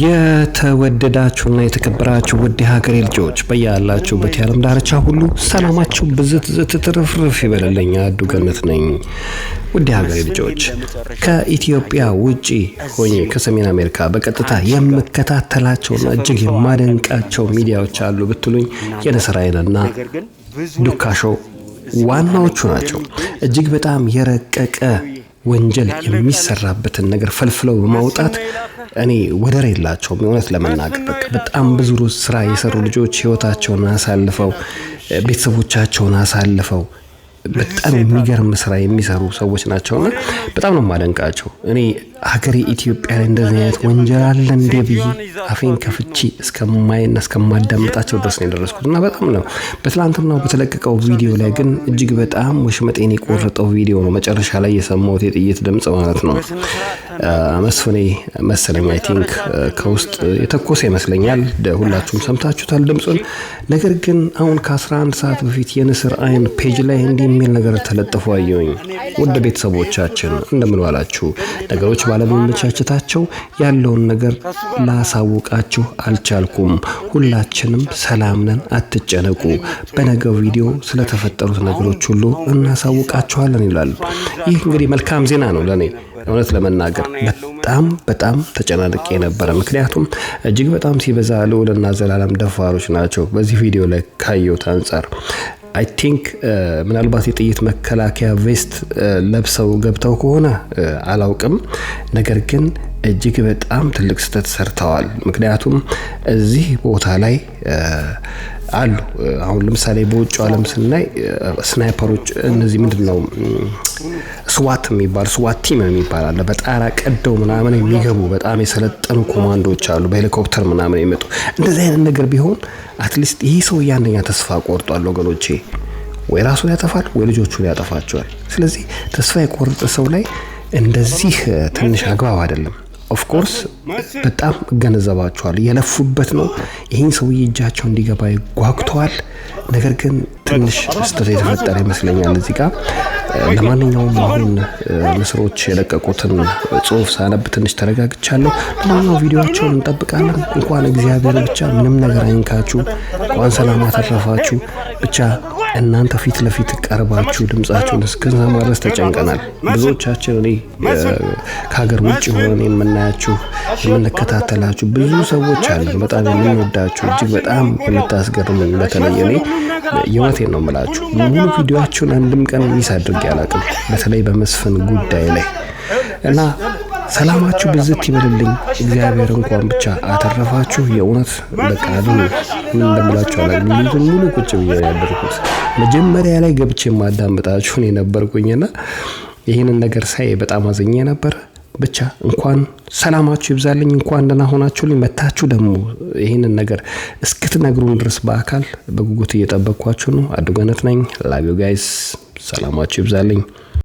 የተወደዳችሁና የተከበራችሁ ውድ ሀገሬ ልጆች በያላችሁበት የዓለም ዳርቻ ሁሉ ሰላማችሁ ብዝት ዝት ትርፍርፍ ይበልልኝ። አዱ ገነት ነኝ። ውድ ሀገሬ ልጆች ከኢትዮጵያ ውጪ ሆኜ ከሰሜን አሜሪካ በቀጥታ የምከታተላቸውና እጅግ የማደንቃቸው ሚዲያዎች አሉ ብትሉኝ የነሰራይንና ዱካሾ ዋናዎቹ ናቸው። እጅግ በጣም የረቀቀ ወንጀል የሚሰራበትን ነገር ፈልፍለው በማውጣት እኔ ወደር የላቸውም። እውነት ለመናገር በቃ በጣም ብዙ ስራ የሰሩ ልጆች ህይወታቸውን አሳልፈው ቤተሰቦቻቸውን አሳልፈው በጣም የሚገርም ስራ የሚሰሩ ሰዎች ናቸውና በጣም ነው ማደንቃቸው። እኔ ሀገሬ ኢትዮጵያ ላይ እንደዚህ አይነት ወንጀል አለ እንዴ ብዬ አፌን ከፍቼ እስከማይና እስከማዳምጣቸው ድረስ ነው የደረስኩት እና በጣም ነው። በትላንትናው በተለቀቀው ቪዲዮ ላይ ግን እጅግ በጣም ወሽመጤን የቆረጠው ቪዲዮ ነው መጨረሻ ላይ የሰማሁት የጥይት ድምፅ ማለት ነው። Uh, መስፍኔ መሰለኝ አይ ቲንክ uh, ከውስጥ የተኮሰ ይመስለኛል። ሁላችሁም ሰምታችሁታል ድምፁን። ነገር ግን አሁን ከ11 ሰዓት በፊት የንስር አይን ፔጅ ላይ እንዲህ የሚል ነገር ተለጥፎ አየሁኝ። ውድ ቤተሰቦቻችን እንደምን ዋላችሁ? ነገሮች ባለመመቻቸታቸው ያለውን ነገር ላሳውቃችሁ አልቻልኩም። ሁላችንም ሰላም ነን፣ አትጨነቁ። በነገው ቪዲዮ ስለተፈጠሩት ነገሮች ሁሉ እናሳውቃችኋለን ይላል። ይህ እንግዲህ መልካም ዜና ነው ለእኔ እውነት ለመናገር በጣም በጣም ተጨናንቄ ነበረ። ምክንያቱም እጅግ በጣም ሲበዛ ልዑልና ዘላለም ደፋሮች ናቸው። በዚህ ቪዲዮ ላይ ካየሁት አንጻር አይ ቲንክ ምናልባት የጥይት መከላከያ ቬስት ለብሰው ገብተው ከሆነ አላውቅም። ነገር ግን እጅግ በጣም ትልቅ ስህተት ሰርተዋል። ምክንያቱም እዚህ ቦታ ላይ አሉ። አሁን ለምሳሌ በውጭ ዓለም ስናይ ስናይፐሮች እነዚህ ምንድን ነው ስዋት የሚባል ስዋት ቲም የሚባል አለ። በጣራ ቀደው ምናምን የሚገቡ በጣም የሰለጠኑ ኮማንዶዎች አሉ። በሄሊኮፕተር ምናምን የሚመጡ እንደዚህ አይነት ነገር ቢሆን አትሊስት ይህ ሰው ያንኛ ተስፋ ቆርጧል ወገኖቼ። ወይ ራሱን ያጠፋል ወይ ልጆቹን ያጠፋቸዋል። ስለዚህ ተስፋ የቆረጠ ሰው ላይ እንደዚህ ትንሽ አግባብ አይደለም። ኦፍኮርስ በጣም እገነዘባቸዋል። የለፉበት ነው። ይህን ሰውዬ እጃቸው እንዲገባ ጓጉተዋል። ነገር ግን ትንሽ ስህተት የተፈጠረ ይመስለኛል እዚህ ጋ። ለማንኛውም አሁን ምስሮች የለቀቁትን ጽሁፍ ሳነብ ትንሽ ተረጋግቻለሁ። ለማንኛው ቪዲዮቸውን እንጠብቃለን። እንኳን እግዚአብሔር ብቻ ምንም ነገር አይንካችሁ፣ እንኳን ሰላም አተረፋችሁ ብቻ እናንተ ፊት ለፊት ቀርባችሁ ድምጻችሁን እስክንሰማ ድረስ ተጨንቀናል። ብዙዎቻችን እኔ ከሀገር ውጭ ሆነን የምናያችሁ የምንከታተላችሁ ብዙ ሰዎች አለን፣ በጣም የምንወዳችሁ እጅግ በጣም የምታስገርሙ በተለይ እኔ የእውነቴን ነው የምላችሁ ሙሉ ቪዲዮችሁን አንድም ቀን ይስ አድርጌ አላውቅም፣ በተለይ በመስፍን ጉዳይ ላይ እና ሰላማችሁ ብዝት ይበልልኝ። እግዚአብሔር እንኳን ብቻ አተረፋችሁ። የእውነት በቃሉ ምን እንደምላችሁ አላውቅም። ሌሊቱን ሙሉ ቁጭ ብዬ ያደርኩት መጀመሪያ ላይ ገብቼ ማዳምጣችሁ ነው የነበርኩኝና ይህንን ነገር ሳይ በጣም አዝኜ ነበር። ብቻ እንኳን ሰላማችሁ ይብዛልኝ። እንኳን ደህና ሆናችሁልኝ። መታችሁ ደግሞ ይህንን ነገር እስክትነግሩን ድረስ በአካል በጉጉት እየጠበቅኳችሁ ነው። አዱገነት ነኝ። ላቪው ጋይስ ሰላማችሁ ይብዛልኝ።